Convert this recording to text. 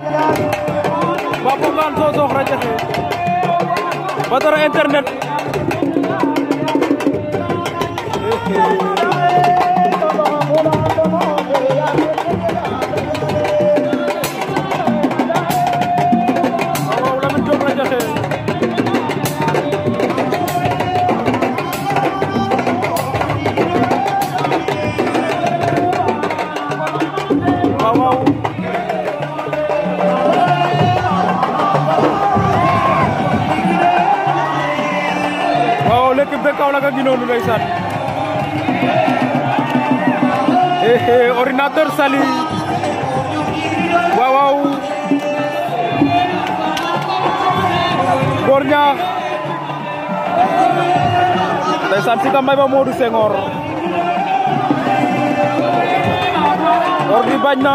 Papo Ngane Sokh Sokh rajo Badara internet l'équipe de Kaolack a ngi noonu ndeysaan eh, eh, ordinateur Saly waaw waaw Ngor Niakh ndeysaan Sita ba Modou Senghor ordi bañ na